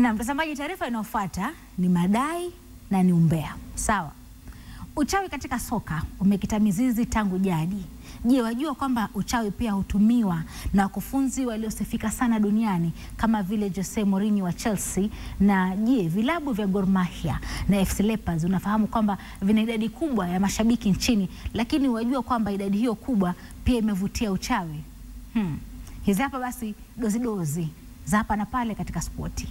Na mtazamaji, taarifa inayofuata ni madai na ni umbea. Sawa, uchawi katika soka umekita mizizi tangu jadi. Je, wajua kwamba uchawi pia hutumiwa na wakufunzi waliosifika sana duniani kama vile Jose Mourinho wa Chelsea? Na je, vilabu vya Gor Mahia na FC Leopards unafahamu kwamba vina idadi kubwa ya mashabiki nchini, lakini wajua kwamba idadi hiyo kubwa pia imevutia uchawi? Hmm. Hizi hapa basi dozidozi dozi za hapa na pale katika spoti.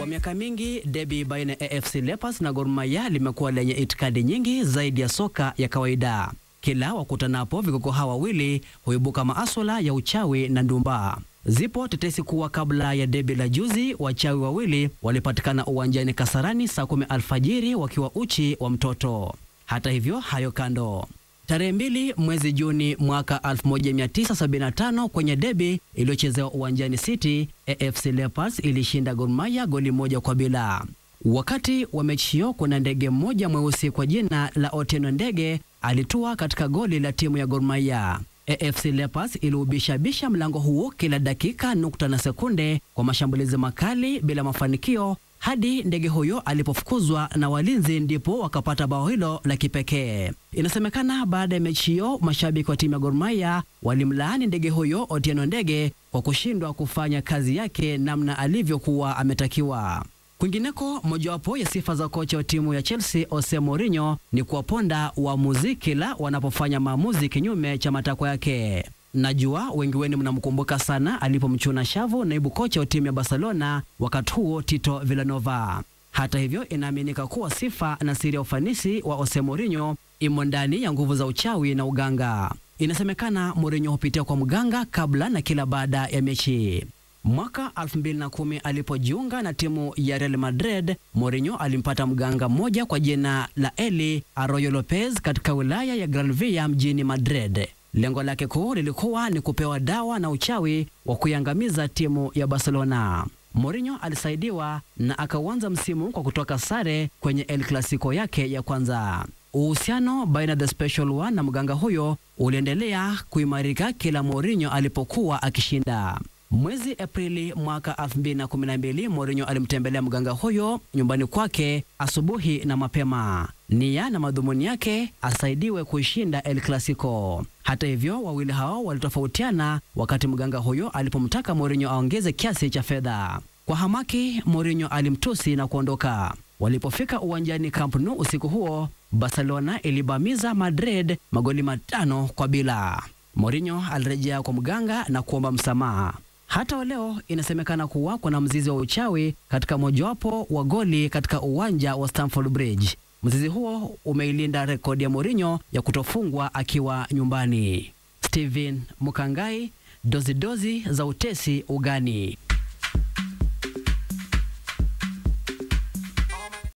Kwa miaka mingi debi baina ya AFC Leopards na Gor Mahia limekuwa lenye itikadi nyingi zaidi ya soka ya kawaida. Kila wakutanapo vigogo hawa wawili huibuka maaswala ya uchawi na ndumba. Zipo tetesi kuwa kabla ya debi la juzi, wachawi wawili walipatikana uwanjani Kasarani saa kumi alfajiri wakiwa uchi wa mtoto. Hata hivyo, hayo kando. Tarehe mbili mwezi Juni mwaka 1975 kwenye debi iliyochezewa uwanjani City, AFC Leopards ilishinda Gor Mahia goli moja kwa bila. Wakati wa mechi hiyo, kuna ndege mmoja mweusi kwa jina la Otieno Ndege alitua katika goli la timu ya Gor Mahia. AFC Leopards iliubishabisha mlango huo kila dakika nukta na sekunde kwa mashambulizi makali bila mafanikio, hadi ndege huyo alipofukuzwa na walinzi, ndipo wakapata bao hilo la kipekee. Inasemekana baada ya mechi hiyo mashabiki wa timu ya Gor Mahia walimlaani ndege huyo Otieno Ndege kwa kushindwa kufanya kazi yake namna alivyokuwa ametakiwa. Kwingineko, mojawapo ya sifa za kocha wa timu ya Chelsea Jose Mourinho ni kuwaponda waamuzi kila wanapofanya maamuzi kinyume cha matakwa yake. Najua wengi wenu mnamkumbuka sana alipomchuna shavu naibu kocha wa timu ya Barcelona wakati huo Tito Villanova. Hata hivyo, inaaminika kuwa sifa na siri ya ufanisi wa Jose Mourinho imo ndani ya nguvu za uchawi na uganga. Inasemekana Mourinho hupitia kwa mganga kabla na kila baada ya mechi. Mwaka 2010 alipojiunga na timu ya Real Madrid, Mourinho alimpata mganga mmoja kwa jina la Eli Arroyo Lopez katika wilaya ya granvilla mjini Madrid. Lengo lake kuu lilikuwa ni kupewa dawa na uchawi wa kuiangamiza timu ya Barcelona. Mourinho alisaidiwa na akauanza msimu kwa kutoka sare kwenye El Clasico yake ya kwanza. Uhusiano baina the special one na mganga huyo uliendelea kuimarika kila Mourinho alipokuwa akishinda. Mwezi Aprili mwaka 2012 Mourinho alimtembelea mganga huyo nyumbani kwake asubuhi na mapema nia na madhumuni yake asaidiwe kuishinda El Clasico. Hata hivyo, wawili hao walitofautiana wakati mganga huyo alipomtaka Mourinho aongeze kiasi cha fedha. Kwa hamaki, Mourinho alimtusi na kuondoka. Walipofika uwanjani Camp Nou usiku huo, Barcelona ilibamiza Madrid magoli matano kwa bila. Mourinho alirejea kwa mganga na kuomba msamaha. Hata leo inasemekana kuwa kuna mzizi wa uchawi katika mojawapo wa goli katika uwanja wa Stamford Bridge. Mzizi huo umeilinda rekodi ya Mourinho ya kutofungwa akiwa nyumbani. Steven Mukangai, dozidozi dozi za utesi ugani.